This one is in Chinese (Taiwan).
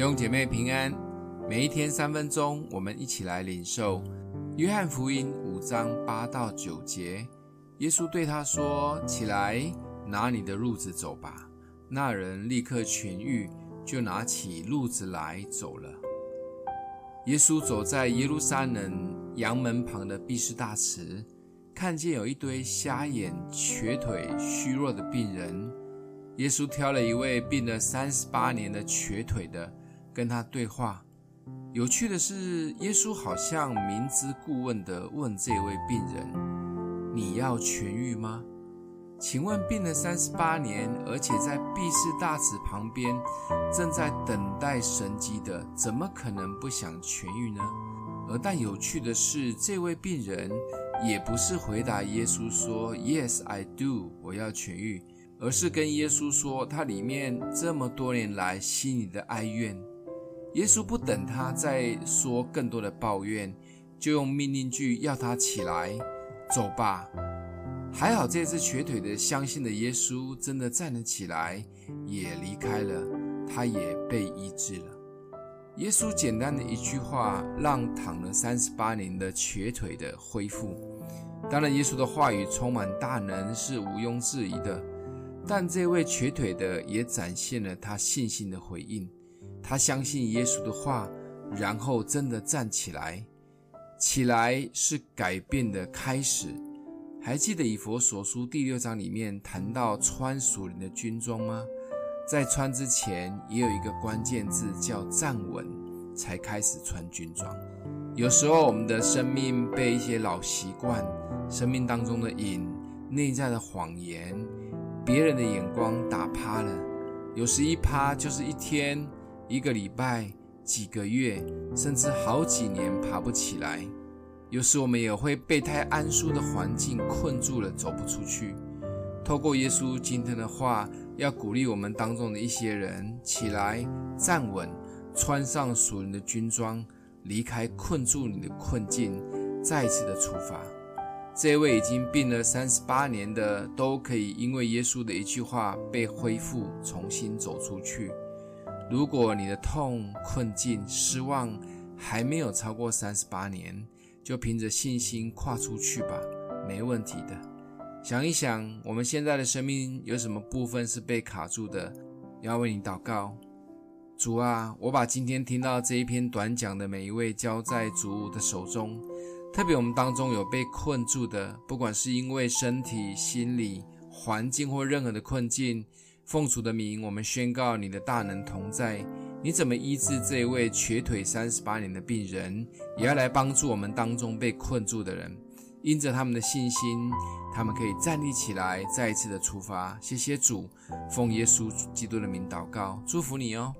弟兄姐妹平安，每一天三分鐘，我們一起來領受《約翰福音》五章八到九節。耶穌對他說：“起來，拿你的褥子走吧。”那人立刻痊癒，就拿起褥子來走了。耶穌走在耶路撒冷羊門旁的畢士大池，看見有一堆瞎眼、瘸腿、虛弱的病人。耶穌挑了一位病了三十八年的瘸腿的。跟他對話，有趣的是，耶穌好像明知故問地問這位病人：“你要痊癒嗎？”請問，病了三十八年，而且在畢士大池旁邊，正在等待神蹟的，怎麼可能不想痊癒呢？而但有趣的是，這位病人也不是回答耶穌說 “Yes, I do”，我要痊癒，而是跟耶穌說他裡面這麼多年來心裡的哀怨。耶穌不等他再說更多的抱怨，就用命令句要他起來，走吧。還好，這次瘸腿的相信的耶穌真的站了起來，也離開了，他也被醫治了。耶穌簡單的一句話，讓躺了三十八年的瘸腿的恢復。當然，耶穌的話語充滿大能是毋庸置疑的，但這位瘸腿的也展現了他信心的回應。他相信耶穌的話，然後真的站起來。起來是改變的開始。還記得以弗所書第六章裡面談到穿屬靈的軍裝嗎？在穿之前也有一個關鍵字叫站穩，才開始穿軍裝。有時候我們的生命被一些老習慣、生命當中的癮、內在的謊言、別人的眼光打趴了，有時一趴就是一天。一個禮拜、幾個月，甚至好幾年爬不起來。有時我們也會被太安舒的環境困住了，走不出去。透過耶穌今天的話，要鼓勵我們當中的一些人起來站穩，穿上屬靈的軍裝，離開困住你的困境，再次的出發。這位已經病了三十八年的，都可以因為耶穌的一句話被恢復，重新走出去。如果你的痛、困境、失望還沒有超過三十八年，就憑着信心跨出去吧，沒問題的。想一想，我們現在的生命有什麼部分是被卡住的？要為你禱告，主啊，我把今天聽到這一篇短講的每一位交在主的手中。特別我們當中有被困住的，不管是因為身體、心理、環境或任何的困境。奉主的名，我們宣告你的大能同在。你怎麼醫治這一位瘸腿三十八年的病人，也要來幫助我們當中被困住的人，因着他們的信心，他們可以站立起來，再一次的出發。謝謝主，奉耶穌基督的名禱告，祝福你哦。